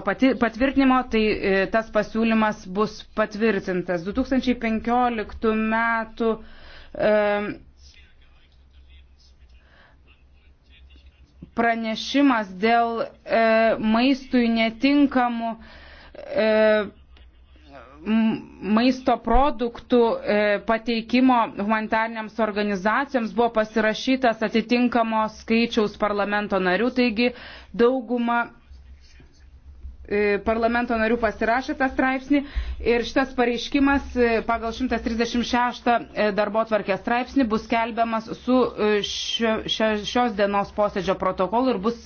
pati, patvirtinimo, tai e, tas pasiūlymas bus patvirtintas. 2015 metų e, pranešimas dėl e, maistui netinkamų e, maisto produktų e, pateikimo humanitarniams organizacijoms buvo pasirašytas atitinkamos skaičiaus parlamento narių, taigi dauguma E, parlamento narių pasirašė tą straipsnį ir šitas pareiškimas e, pagal 136 darbo tvarkės straipsnį bus skelbiamas su e, šios dienos posėdžio protokolu ir bus